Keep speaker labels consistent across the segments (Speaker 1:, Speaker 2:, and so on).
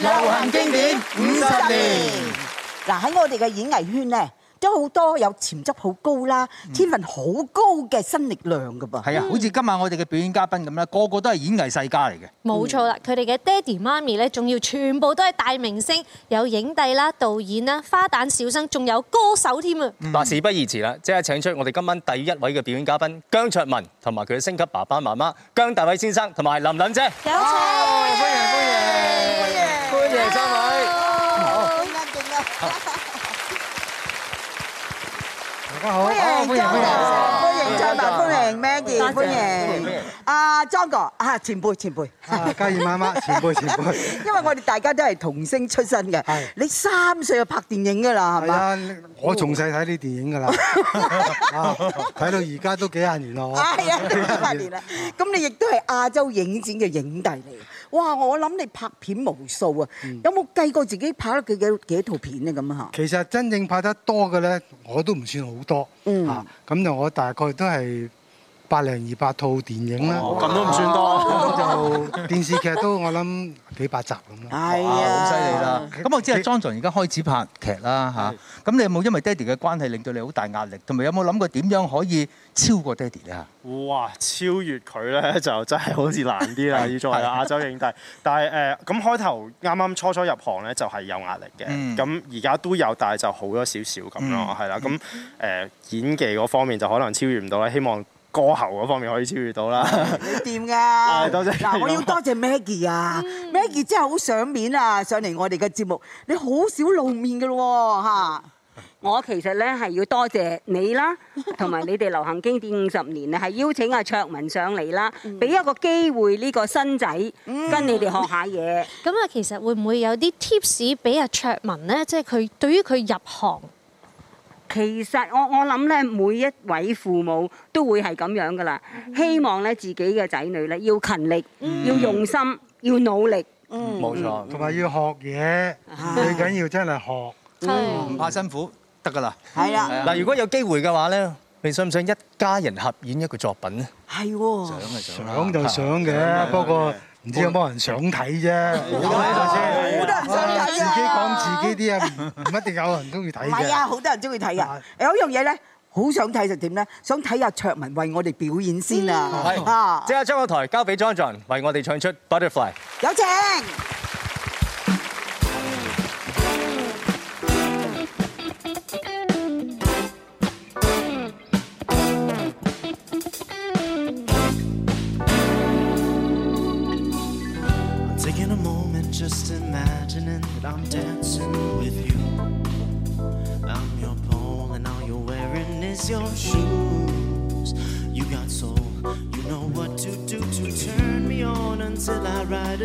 Speaker 1: 流行經典五十年，嗱喺我哋嘅演藝圈呢，都好多有潛質好高啦，天份好高嘅新力量噶噃。係啊，好
Speaker 2: 似今晚我哋嘅表演嘉賓咁啦，個個都係演藝世
Speaker 3: 家嚟嘅。冇、嗯、錯
Speaker 4: 啦，佢哋嘅爹哋媽咪咧，仲要全部都係大明星，有影帝啦、導演啦、花旦小生，仲有歌手添啊！
Speaker 3: 嗱，嗯、事不宜遲啦，即刻請出我哋今晚第一位嘅表演嘉賓姜卓文，同埋佢嘅星級爸爸媽媽姜大衛先生，同埋琳琳姐。有
Speaker 5: 錯請，迎、哦、歡迎。歡迎
Speaker 1: 大家好，歡迎 John，歡迎 John 到，歡迎 Maggie，歡迎阿莊哥啊，前輩前輩，嘉怡媽媽前輩前輩，因為我哋大家都係童星出身嘅，你三歲就拍電影㗎啦，係咪？我從
Speaker 6: 細睇啲電影㗎啦，
Speaker 1: 睇到而家都幾廿年啦，係啊，幾廿年啦，咁你亦都係亞洲影展嘅影帝嚟。哇！我諗你拍片無數啊，嗯、有冇計過自己拍咗幾幾幾多套片啊？其實真正拍得多嘅呢，我都唔算好多嚇。咁
Speaker 2: 就、嗯啊、我大概都係。百零二百套電影啦，咁都唔算多。就電視劇都我諗幾百集咁咯。係
Speaker 1: 啊，好犀利啦！
Speaker 2: 咁我知啊，Johnson 而家開始拍劇啦嚇。咁你有冇因為爹哋嘅關係令到你好大壓力？同埋有冇諗過點樣可以超過爹哋咧？
Speaker 7: 哇！超越佢咧就真係好似難啲啦，要作為亞洲影帝。但係誒，咁開頭啱啱初初入行咧就係有壓力嘅。咁而家都有，但係就好咗少少咁咯，係啦。咁誒演技嗰方面就可能超越唔到啦，希望。歌喉嗰方面可以超越到啦， 你
Speaker 1: 掂㗎。嗱、 啊，我要多謝，謝 Maggie 啊、嗯、，Maggie 真係好上面啊，上嚟我哋嘅節目，你好少露面㗎咯喎。我其實咧係要多謝，謝你啦，同埋你哋流行經典五十年啊，係邀請阿卓文上嚟啦，俾一個機會呢、呢個新
Speaker 4: 仔跟你哋學下嘢。咁啊、嗯，嗯、其實會唔會有啲 tips 俾阿卓文
Speaker 1: 咧？即係佢對於佢入行。其實我我諗咧，每一位父母都會係咁樣噶啦，希望咧自己嘅仔女咧要勤力，要用心，要努力。嗯，冇
Speaker 2: 錯，同埋要學嘢，最緊要真
Speaker 3: 係學，
Speaker 1: 唔
Speaker 2: 怕
Speaker 3: 辛苦，得噶啦。係啦，嗱，如果有機會嘅話咧，你想唔想一家人合演一個作品咧？
Speaker 8: 係喎，想就想，想
Speaker 3: 就想嘅，不過。
Speaker 1: 唔 知有冇人想睇啫，睇、喔，睇多多好人想睇哇自己講自己啲啊，唔 一定有人中意睇啫。係啊，好多人中意睇啊！但有一呢樣嘢咧，好想睇就點咧？想睇下卓文為我哋表演先啊！啊、嗯，
Speaker 3: 即刻將個台交俾莊俊，為我哋唱出 Butterfly。
Speaker 1: 有請。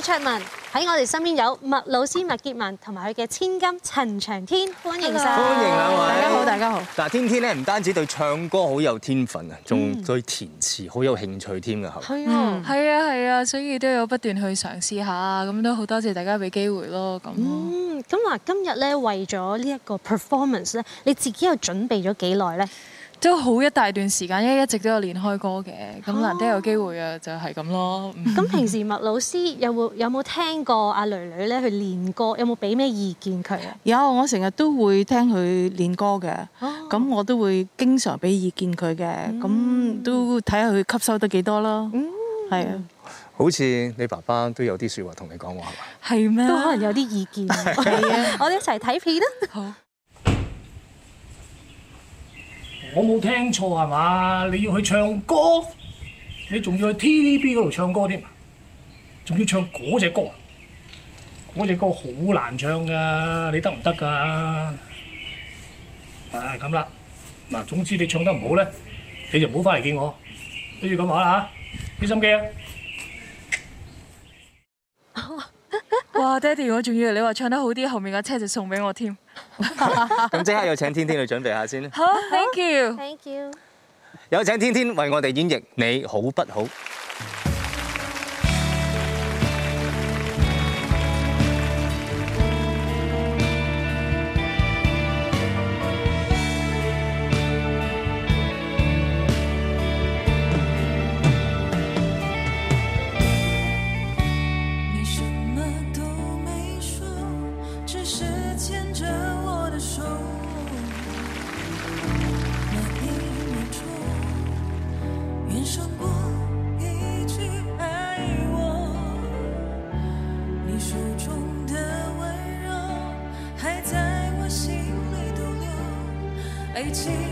Speaker 4: 卓文喺我哋身邊有麥老師麥潔文同埋佢嘅千金陳薔天，歡迎曬！歡迎
Speaker 9: 兩位，大家
Speaker 4: 好。
Speaker 3: 大家好。嗱，天天咧唔單止對唱歌好有天分啊，仲對、嗯、填詞好有興趣添噶，係咪？啊，係、嗯、啊，啊，所以都有不斷去嘗試下咁都好多謝大家
Speaker 4: 俾機會咯。咁、啊，嗯，咁嗱，今日咧為咗呢一個 performance 咧，你自己又準備咗幾耐咧？都好一大段時間，因為一直都有練開歌嘅，咁難得有機會啊，就係咁咯。咁平時麥老師有冇有冇聽過阿女女咧去練歌？有冇俾咩意見佢啊？
Speaker 2: 有，我成日都會聽佢練歌嘅，咁、啊、我都會經常俾意見佢嘅，咁、嗯、都睇下佢吸收得幾多咯。係、
Speaker 3: 嗯、啊，好似你爸爸都有啲説話同你講話，
Speaker 2: 係
Speaker 4: 咪嗎？咩、啊？都可能有啲意見。我哋一齊睇片啦、啊。
Speaker 3: 我冇聽錯係嘛？你要去唱歌，你仲要去 TVB 嗰度唱歌添，仲要唱嗰隻歌，嗰隻歌好難唱噶，你得唔得噶？唉、啊，咁啦，嗱，總之你唱得唔好咧，你就唔好翻嚟見我，跟住咁話啦吓，俾心機啊。哇，爹哋，我仲以為你話唱得好啲，後面架車就送俾我添。咁即刻有請天天去準備下先啦。好。好，thank you，thank you。Thank you. 有請天天為我哋演繹，你好不好？一起。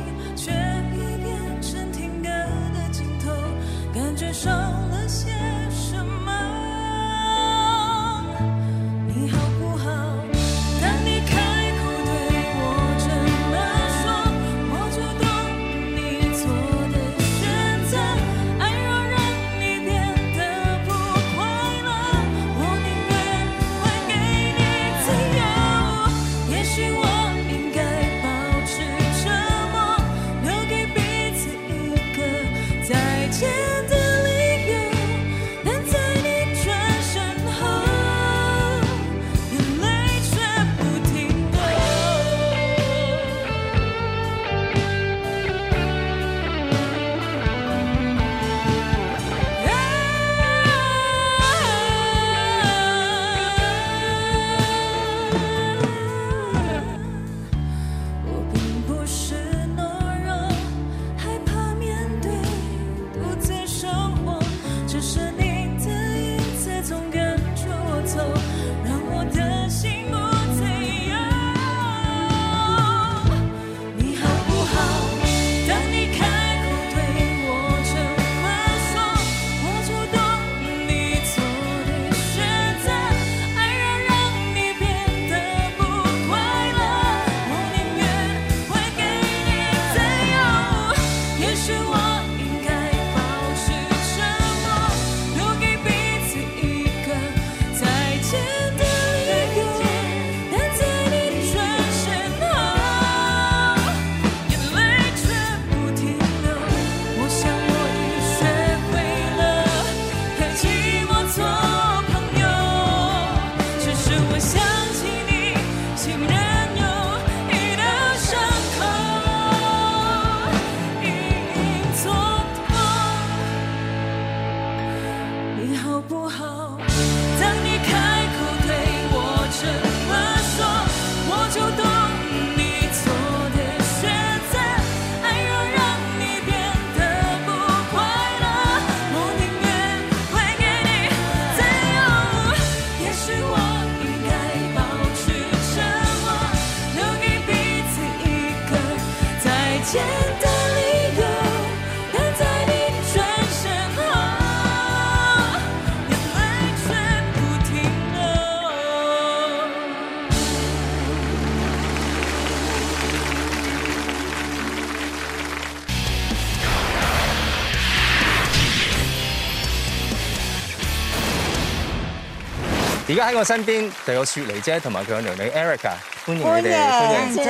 Speaker 3: 而家喺我身邊就有雪梨姐同埋佢嘅娘女 Erica，歡迎你哋。歡迎姐，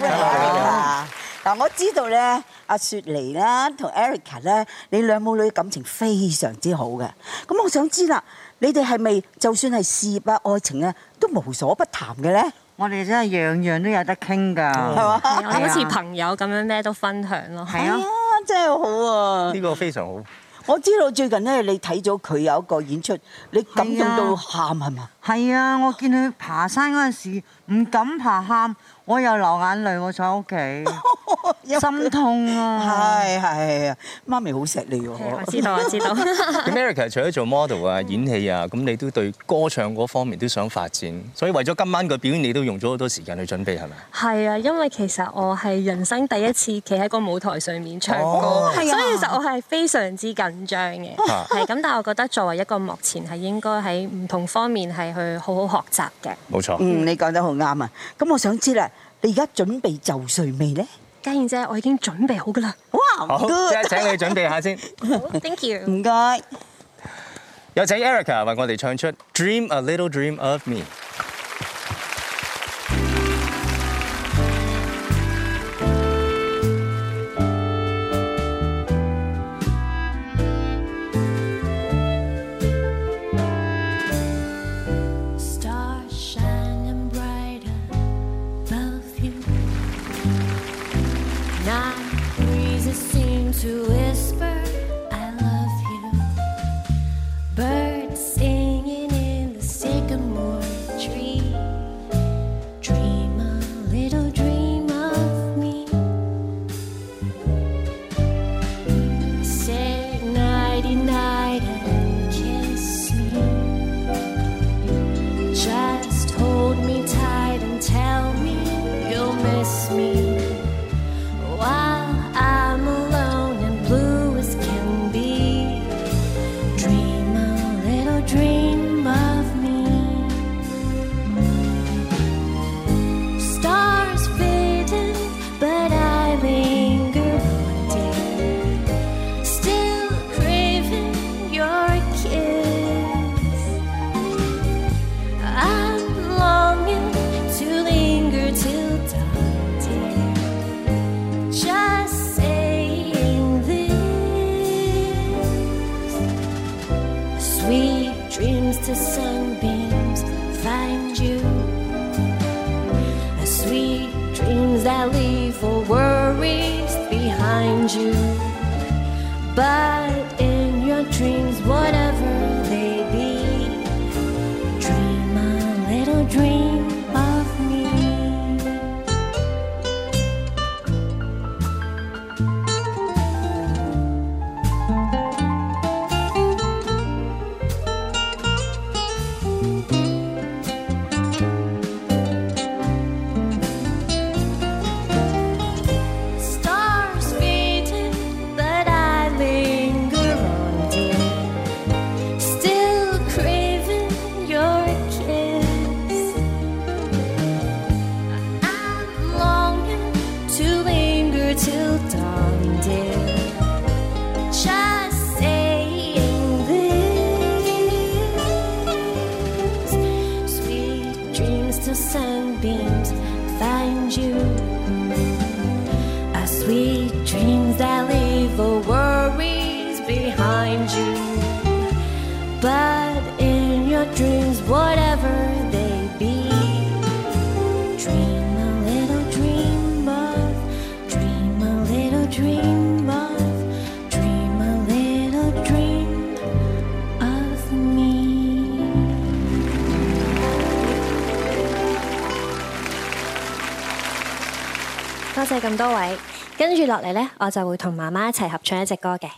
Speaker 3: 歡
Speaker 1: 迎 Erica。嗱，我知道咧，阿雪梨啦同 Erica 咧，你兩母女感情非常之好嘅。咁我想知啦，你哋係咪就算係事業啊、愛情咧，都無所不談嘅咧？我哋真係樣樣都有得傾㗎，係嘛？好似
Speaker 4: 朋友咁樣咩都分享咯。係啊，
Speaker 1: 真係好啊。呢個非常好。我知道最近咧，你睇咗佢有一個演出，你感動到喊係嘛？係啊，我
Speaker 9: 見佢爬山嗰陣時唔敢爬喊，我又流眼淚喎，我喺屋企
Speaker 1: 有心痛啊！係係係，媽咪好錫你喎、啊！我知道我知
Speaker 10: 道。
Speaker 3: Eric 除咗做 model 啊、演戲啊，咁你都對歌唱嗰方面都想發展，所以為咗今晚個表演，你都用咗好多時間去準備係咪？
Speaker 4: 係啊，因為其實我係人生第一次企喺個舞台上面唱歌，哦啊、所以其實我係非常之緊張嘅。係咁， 但係我覺得作為一個幕前，係應該喺唔同方面係，
Speaker 1: 去好好學習嘅，冇錯。嗯，你講得好啱啊！咁我想知啦，你而家準備就緒未咧？嘉燕姐，我已經準備好噶啦。
Speaker 3: 哇，好，即係請你準備下先。
Speaker 1: Thank
Speaker 3: you，唔該。有請 Erica 為我哋唱出《Dream a Little Dream of Me》。
Speaker 10: 咁多
Speaker 4: 位，跟住落嚟呢，我就會同媽媽一齊合唱一隻歌嘅。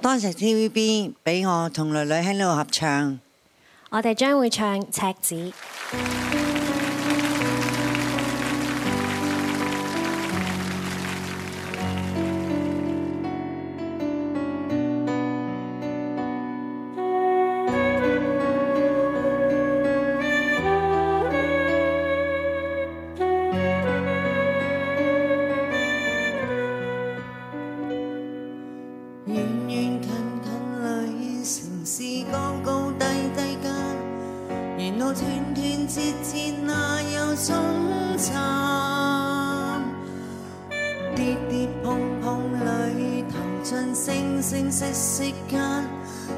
Speaker 9: 多謝 TVB 俾我同女女喺度合唱，我哋將會唱《赤子》。路斷斷截截那有終站？跌跌碰碰裏騰進星星息息間，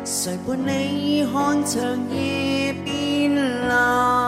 Speaker 9: 誰伴你看長夜變藍？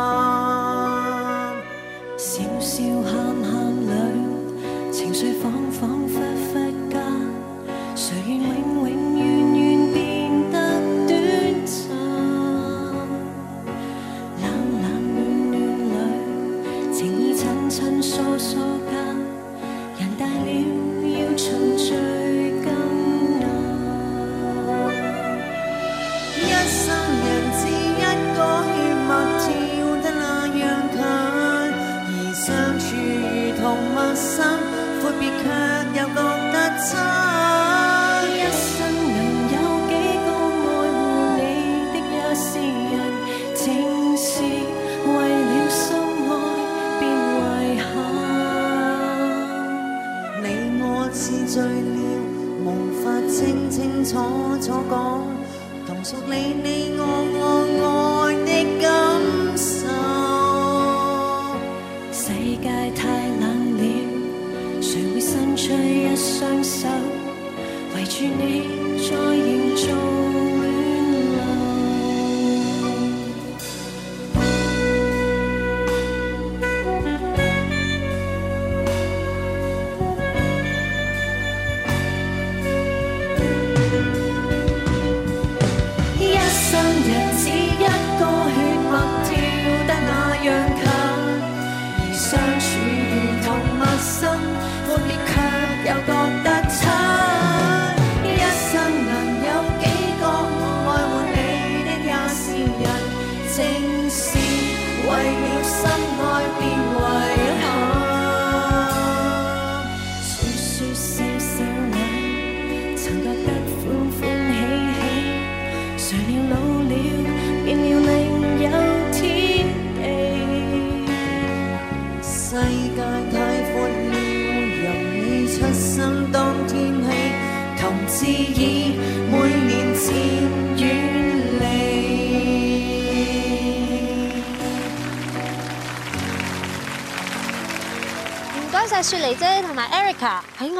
Speaker 9: 一雙手圍住你，再凝重。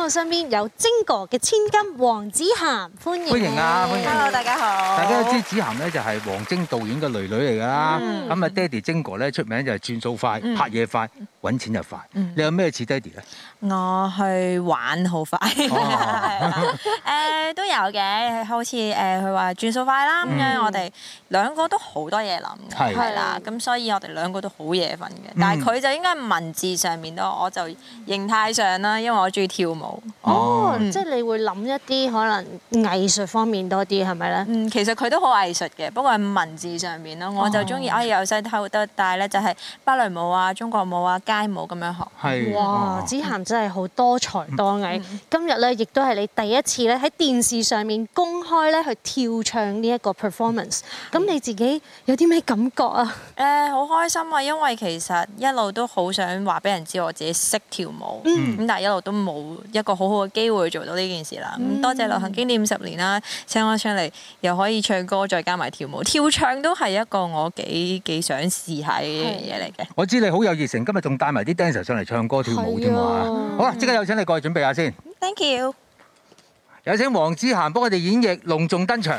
Speaker 4: 我身邊有精哥嘅千金王子涵。歡迎
Speaker 2: 啊！Hello，大家好。大家都知子涵咧就係王晶導演嘅女女嚟㗎啦。咁啊，爹哋晶哥咧出名就係轉數快、拍嘢快、揾錢又快。你有咩似爹哋咧？
Speaker 11: 我去玩好快。誒都有嘅，好似誒佢話轉數快啦。咁樣我哋兩個都好多嘢諗，係啦。咁所以我哋兩個都好夜瞓嘅。但係佢就應該文字上面囉，我就形態上啦，因為我中意跳舞。哦，即係你會諗一啲可能。藝術方面多啲係咪咧？嗯，其實佢都好藝術嘅，不過係文字上面咯。Oh. 我就中意啊，由細到大咧就係芭蕾舞啊、中國舞啊、街舞咁樣學。Oh. 哇！子
Speaker 4: 涵真係好多才多藝。Mm. 今日咧亦都係你第一次咧喺電視上面公開咧去跳唱呢一個 performance。咁、mm. 你自己有啲咩感覺啊？誒、uhm.
Speaker 11: 呃，好開心啊！因為其實一路都好想話俾人知我自己識跳舞，咁、mm. 但係一路都冇一個好好嘅機會做到呢件事啦。咁多謝流行經典五十年啦，唱開出嚟又可以唱歌，再加埋跳舞，跳唱都係一個我幾幾想試下嘅嘢嚟嘅。
Speaker 2: 的我知你好有熱誠，今日仲帶埋啲 Dancer 上嚟唱歌跳舞添嘛。的好啦，即刻有請你過去準備下先。
Speaker 11: Thank you。
Speaker 2: 有請王子涵幫我哋演繹隆重登場。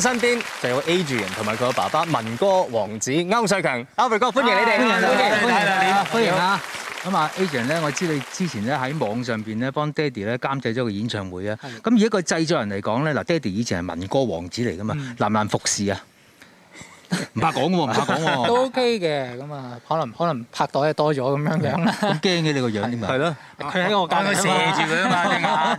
Speaker 3: 身邊就有 Adrian 同埋佢個爸爸民歌王子區瑞強，區瑞強哥歡迎你哋，歡迎，歡迎，歡迎啊！歡
Speaker 2: 迎啊！咁啊，Adrian 咧，我知你之前咧喺網上邊咧幫爹哋咧監製咗個演唱會啊。咁以的一個製作人嚟講咧，嗱，爹哋以前係民歌王子嚟噶嘛，難唔難的服侍啊？唔怕講喎，唔怕講喎，都 OK
Speaker 3: 嘅。咁啊，可能可能拍拖多咗咁樣樣啦。
Speaker 2: 咁驚嘅你個樣點
Speaker 3: 啊？係咯，佢喺我間，佢射住佢啊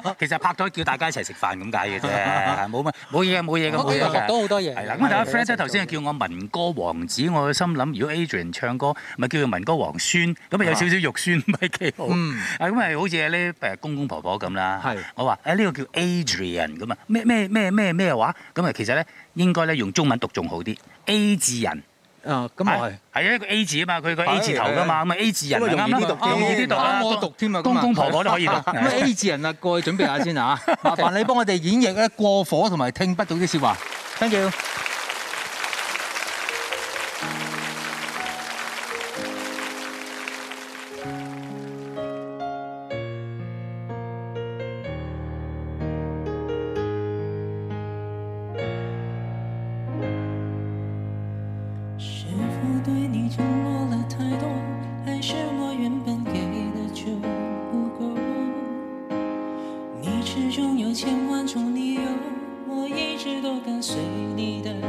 Speaker 3: 嘛。其實拍拖叫大家一齊食飯咁解嘅啫。冇乜，冇嘢冇嘢嘅，冇嘢啊。都好多嘢。咁但係 friend 咧頭先啊，叫我民歌王子，我心諗如果 Adrian 唱歌，咪叫做「民歌王孫」，咁咪有少少肉酸，咪係幾好。咁啊，好似啲公公婆婆咁啦。係。我話誒呢個叫 Adrian 咁啊，咩咩咩咩咩話？咁啊，其實咧。應該咧用中文讀仲好啲，A 字人啊，咁啊係
Speaker 2: 係一個 A 字啊嘛，佢個 A 字頭噶嘛，咁啊是 A 字人啊，容易啲讀的，容易啲讀啊，我讀添啊，公公婆婆都可以讀，咁對 A 字人啊，過去準備下先啊， 麻煩你幫我哋演繹咧過火同埋聽不到啲笑話。Thank you。
Speaker 5: 千萬種理由，我一直都跟隨你的。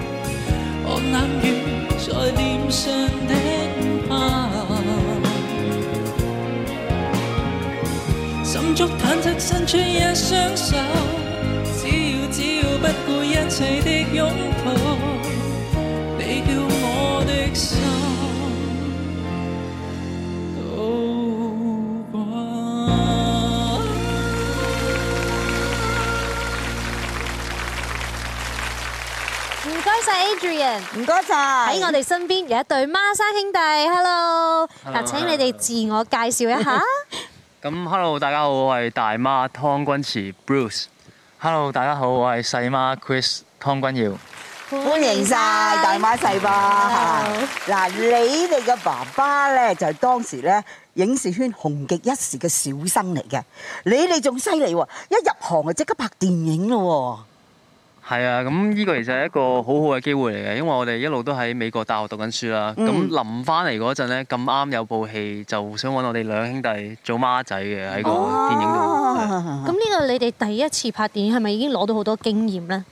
Speaker 5: 冷雨在臉上的印痕，心足坦率，伸出一雙手，只要只要不顧一切的擁抱。
Speaker 4: Adrian，唔該晒。喺我哋身邊有一對孖生兄弟，Hello，嗱，請你哋自我介紹一下。
Speaker 3: 咁，Hello，大家好，我係大孖湯君慈 Bruce。Hello，大家好，我係細孖 Chris 湯君耀。
Speaker 1: 歡迎晒大孖細孖。嗱，你哋嘅爸爸咧就係當時咧影視圈紅極一時嘅小生嚟嘅，你哋仲犀利喎，一入行就即刻拍電影咯。
Speaker 3: 係啊，咁呢個其實係一個好好嘅機會嚟嘅，因為我哋一路都喺美國大學讀緊書啦。咁、嗯、臨翻嚟嗰陣咧，咁啱有部戲就想揾我哋兩兄弟做孖仔嘅喺個電影度。
Speaker 4: 咁呢、哦、對個你哋第一次拍電影係咪已經攞到好多經驗呢？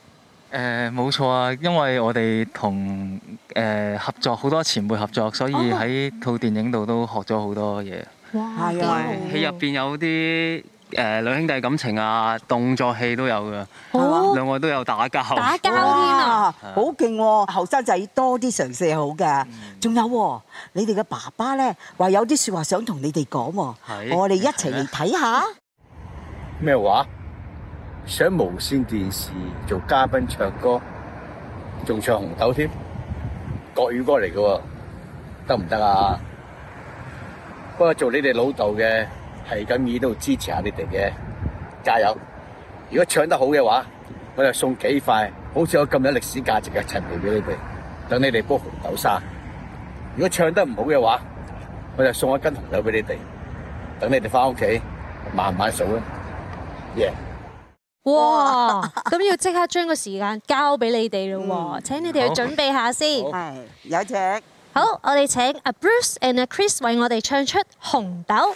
Speaker 3: 誒冇、呃、錯啊，因為我哋同誒合作好多前輩合作，所以喺套電影度都學咗哇呀好多嘢。係啊，戲入邊有啲。誒、呃、兩兄弟感情啊，動作戲都有噶，啊、兩位都有打交，打交添啊，
Speaker 1: 好勁喎！後生仔多啲嘗試好嘅，仲、嗯、有、啊、你哋嘅爸爸咧，話有啲説話想同你哋講喎，啊、我哋一齊嚟睇下。
Speaker 2: 咩、啊、話？上無線電視做嘉賓唱歌，仲唱紅豆添，國語歌嚟嘅，得唔得啊？不過做你哋老豆嘅。係咁意都支持下你哋嘅，加油！如果唱得好嘅話，我就送幾塊好似我咁有歷史價值嘅陳皮俾你哋，等你哋煲紅豆沙。如果唱得唔好嘅話，我就送一斤紅豆俾你哋，等你哋翻屋企慢慢數啦。耶！
Speaker 4: 哇！咁要即刻將個時間交俾你哋啦，請你哋去準備下先。係，有請。好，我哋請阿 Bruce and 阿 Chris 為我哋唱出紅豆。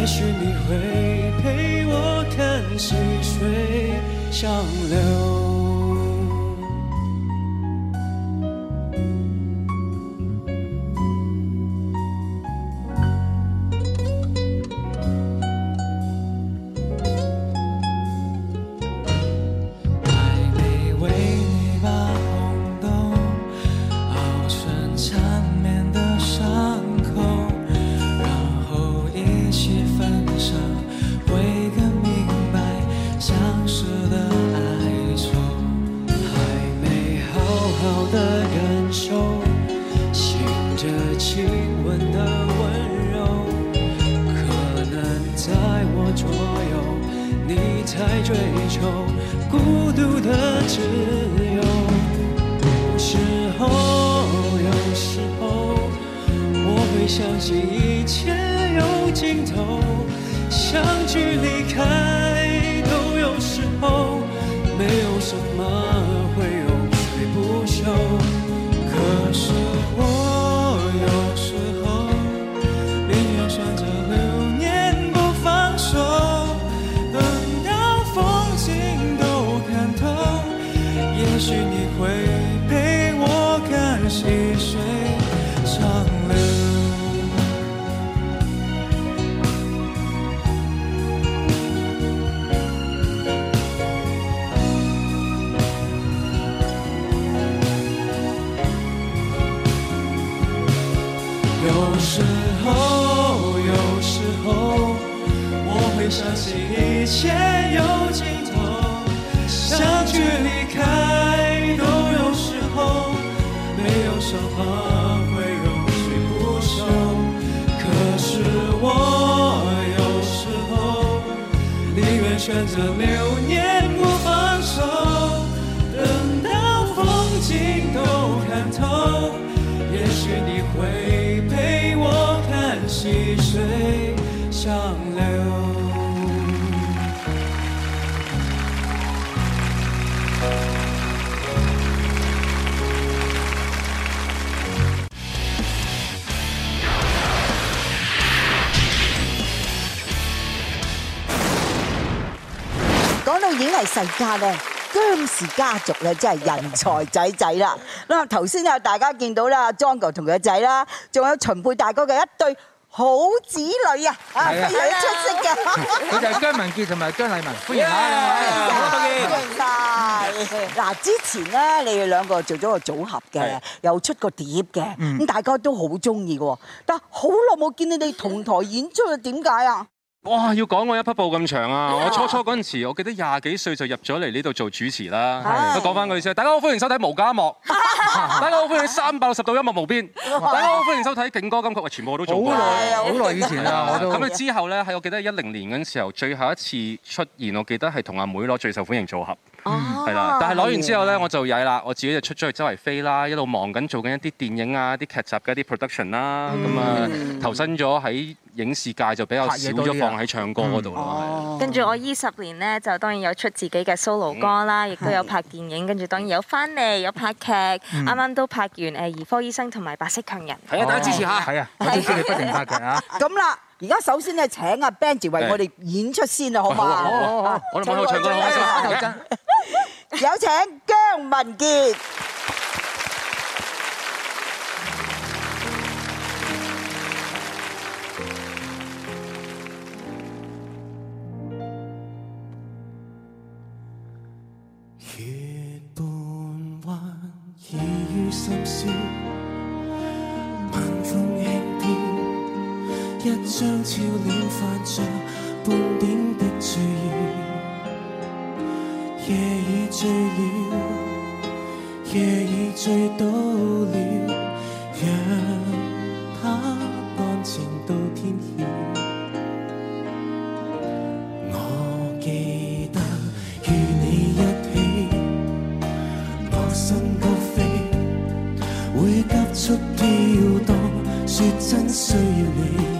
Speaker 8: 也許你會陪我看細水長流。
Speaker 1: 族咧真係人才仔仔啦！啦頭先啊，大家見到啦，莊哥同佢仔啦，仲有秦沛大哥嘅一對好子女啊，係啊，非常出色嘅。佢就係姜文杰同埋姜麗文，歡迎下，歡迎下。嗱，之前咧，你哋兩個做咗個組合嘅，又出過碟嘅，咁大家都好中意嘅喎。但係好耐冇見你哋同台演出，點解啊？
Speaker 3: 哇！要講我一匹布咁長啊！我初初嗰陣時，我記得廿幾歲就入咗嚟呢度做主持啦。都講翻佢先。大家好，歡迎收睇無家一幕。
Speaker 1: 大家好，歡迎三
Speaker 3: 百六十度音樂無邊。大家好，歡迎收睇勁歌金曲。全部我都做過，好耐以前啦。咁啊之後咧，係我記得一零年嗰陣時候，最後一次出現，我記得係同阿妹攞最受歡迎組合。係啦，但係攞完之後咧，我就曳啦，我自己就出咗去周圍飛啦，一路忙緊做緊一啲電影啊、啲劇集嘅一啲 production 啦，咁啊投身咗喺影視界就比較少咗放喺唱歌嗰度咯。
Speaker 11: 跟住我依十年呢，就當然有出自己嘅 solo 歌啦，亦都有拍電影，跟住當然有翻嚟有拍劇，啱啱都拍完誒兒科醫生同埋白色強人。係啊，大家支持下。係啊，我都知你不停拍劇啊。咁啦，而家首
Speaker 1: 先呢，請阿 Benji 為我哋演出先啊，好唔好？好好，我嚟好唱歌啦！有請
Speaker 6: 姜文杰。 月夜已醉了，夜已醉倒了，讓它安靜到天曉。 我記得與你一起，我心高飛，會急速跳動，說真需要你。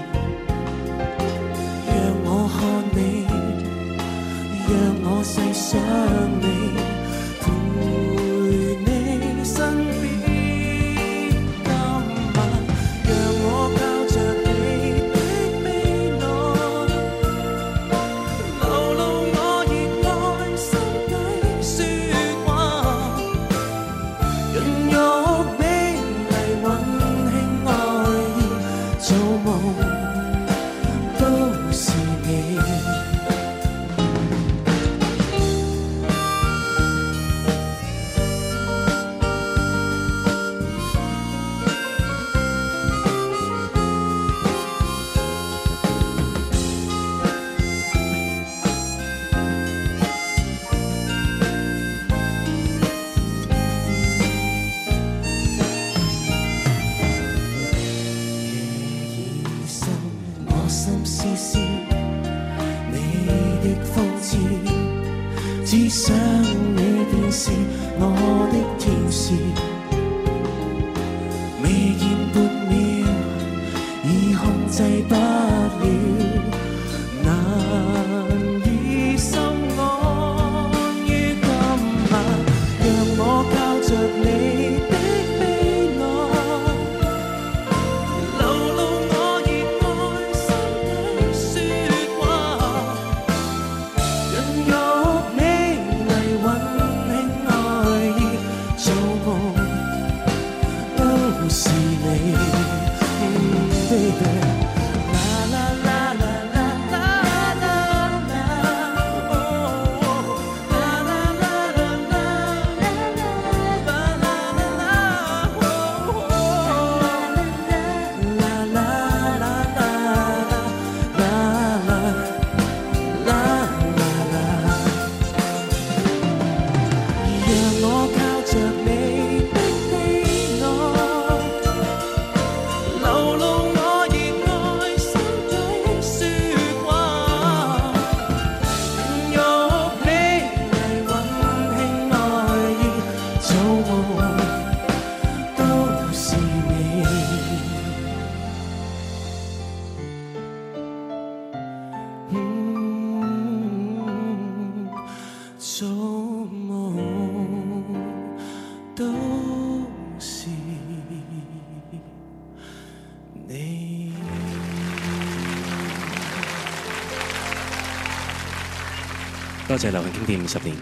Speaker 6: 多謝流行經典五十年，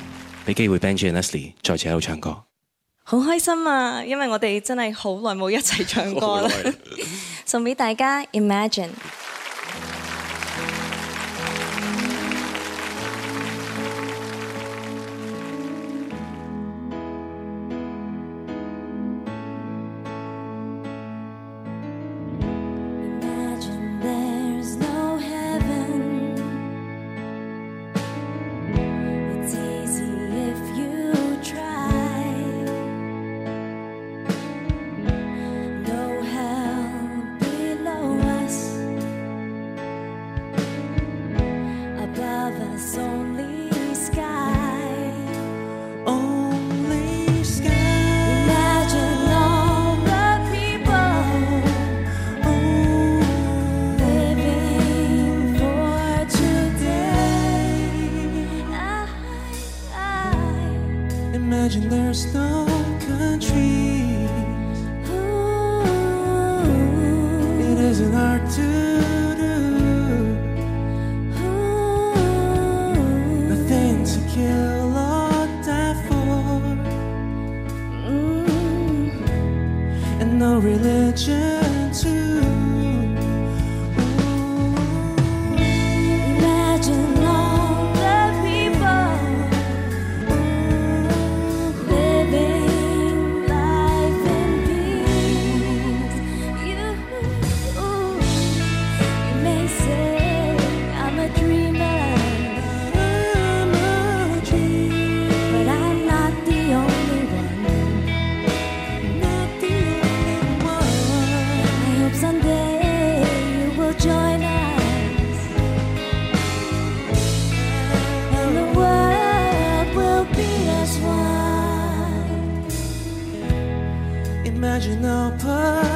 Speaker 6: 俾機會 Benji and Lesley 再次喺度唱歌。
Speaker 12: 好開心啊，因為我哋真係好耐冇一齊唱歌啦。送俾大家《Imagine》。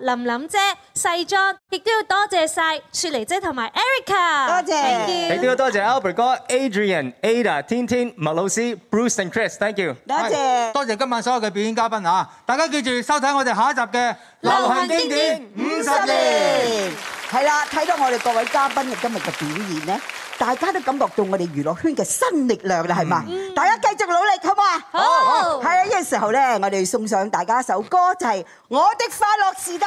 Speaker 4: 林林姐、細妝，亦都要多謝晒雪梨姐同埋 Erica，多謝，thank you，thank you，多
Speaker 3: 謝 Albert 哥、Adrian、Ada、天天、麥老師、Bruce and Chris，thank you，多
Speaker 2: 謝，多謝今晚所有嘅表演嘉賓啊！
Speaker 1: 大家記住收睇我哋下一集嘅流行經典五十年，係啦，睇到我哋各位嘉賓嘅今日嘅表演咧。大家都感覺到我哋娛樂圈嘅新力量啦，係嘛？大家繼續努力好嘛？好，係啊！呢個時候咧，我哋送上大家一首歌，就係《我的快樂時代》。